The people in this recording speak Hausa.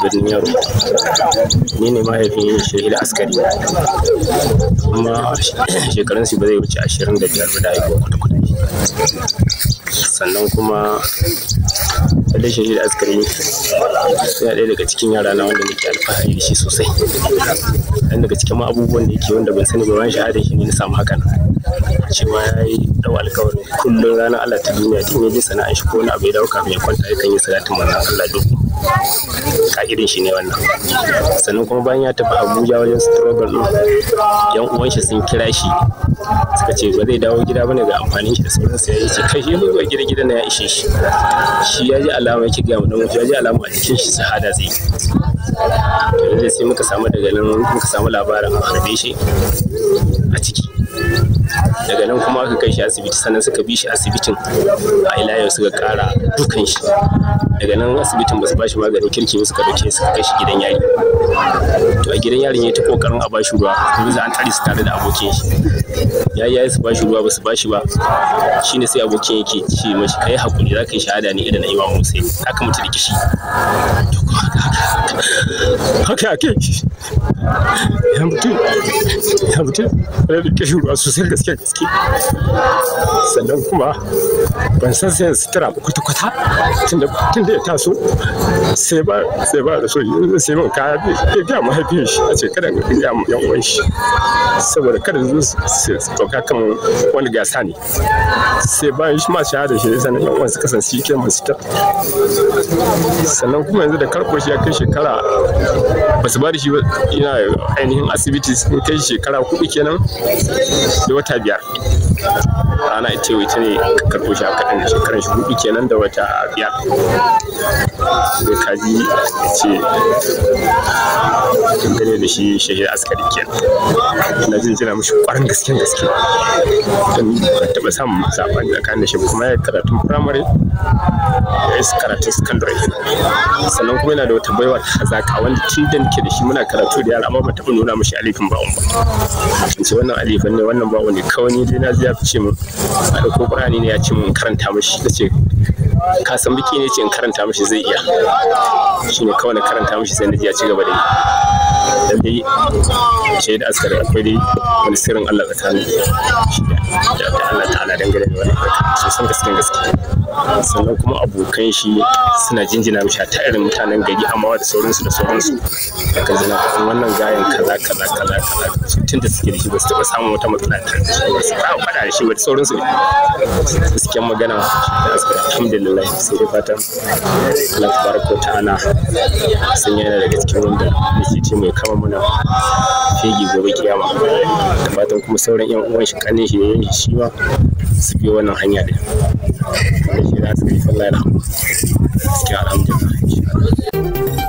Gudun ni ne mahaifin shahil askari kuma shekarun su ba zai wuce ashirin da biyar da haihuwa wata kwata sannan kuma lallai shi da askari ne yana ɗaya daga cikin yara na wanda nake alfahari da shi sosai dan daga cikin abubuwan da yake wanda ban sani ba wani shahadar shi ne na samu hakan cewa ya yi dau alkawarin kullum ranar Allah ta duniya tun yaje sana'ar shi ko wani abu ya dauka mai kwanta kan yi salatin manzon Allah duk ka irin shi ne wannan sannan kuma bayan ya tafi abuja wajen struggle yan uwan shi sun kira shi suka ce ba zai dawo gida bane ga amfanin shi da sauran sai ya ce kai mu ba gida gida na ya ishe shi shi ya ji alama yake ga mu ya ji alama a cikin shi sahada zai to sai muka samu daga nan muka samu labarin harbe shi daga nan kuma aka kai shi asibiti sannan suka bi shi asibitin a ila yau suka kara dukan shi daga nan asibitin ba su ba shi kirki ba suka dauke suka kai shi gidan yari to a gidan yarin ya ta kokarin a bashi ruwa yanzu an tare su tare da abokin shi ya yayi su bashi ruwa ba su bashi ba shine sai abokin yake ce mashi kai hakuri za yi shahada ne idan na imam sai? haka mutu da kishi haka haka ya mutum ya mutum sosai gaske gaske sannan kuma ban san sai sutura ba kwata-kwata tun ya taso sai ba sai ba da so sai ban kaya bai ga mahaifin shi a cikin kada ga ga yan uwan shi saboda kada zo su dauka kan wani gasa ne sai bayan shi ma shahada shi sannan yan uwan su kasance ke masu ta sannan kuma yanzu da karko shi ya kai shekara ba su ba da shi ba ina ainihin asibiti sun kai shekara kuɗi kenan da wata biyar ana ce wace ne karɓo shi a kaɗan shekaran shi hudu kenan da wata biyar da kaji ya ce dangane ah, da shi shahid askari ke na jin jira mushi kwarin gasken gaske don ba taba samun zaɓen da kan shi kuma ya karatun firamare ya yi karatun secondary sannan kuma yana da wata baiwa ta hazaka wanda tun da ke da shi muna karatu da yara amma ba taɓa nuna mushi alifin bawon ba in ce wannan alifin ne wannan ba ne kawai dai na ji mu. fice a ɗauko ne ya ce mun karanta mushi da ce ka san biki ne ce in karanta mishi zai iya ne kawai na karanta mishi sai na ji ya ci gaba da yi da dai ce da askari akwai dai wani sirrin Allah tsakanin da Allah ta'ala dangane da wani so san gaske gaskiya sannan kuma abokan shi suna jinjina mishi ta irin mutanen gari amma da sauransu da sauransu da kan jina kan wannan gayan kaza kaza kaza kaza tun da suke da shi ba su taɓa samun wata matsala ta ba su fara faɗa da shi ba da sauransu gaskiyar magana da askari alhamdulillah alhamdulillah sai dai fatan Allah tabaraka ta'ala sun yana daga cikin wanda yake ce mai kama muna fegi gobe kiyama da fatan kuma sauran yan uwan shi kanin shi yayin shi ma su bi wannan hanya din shi za su bi Allah da rahama gaskiya alhamdulillah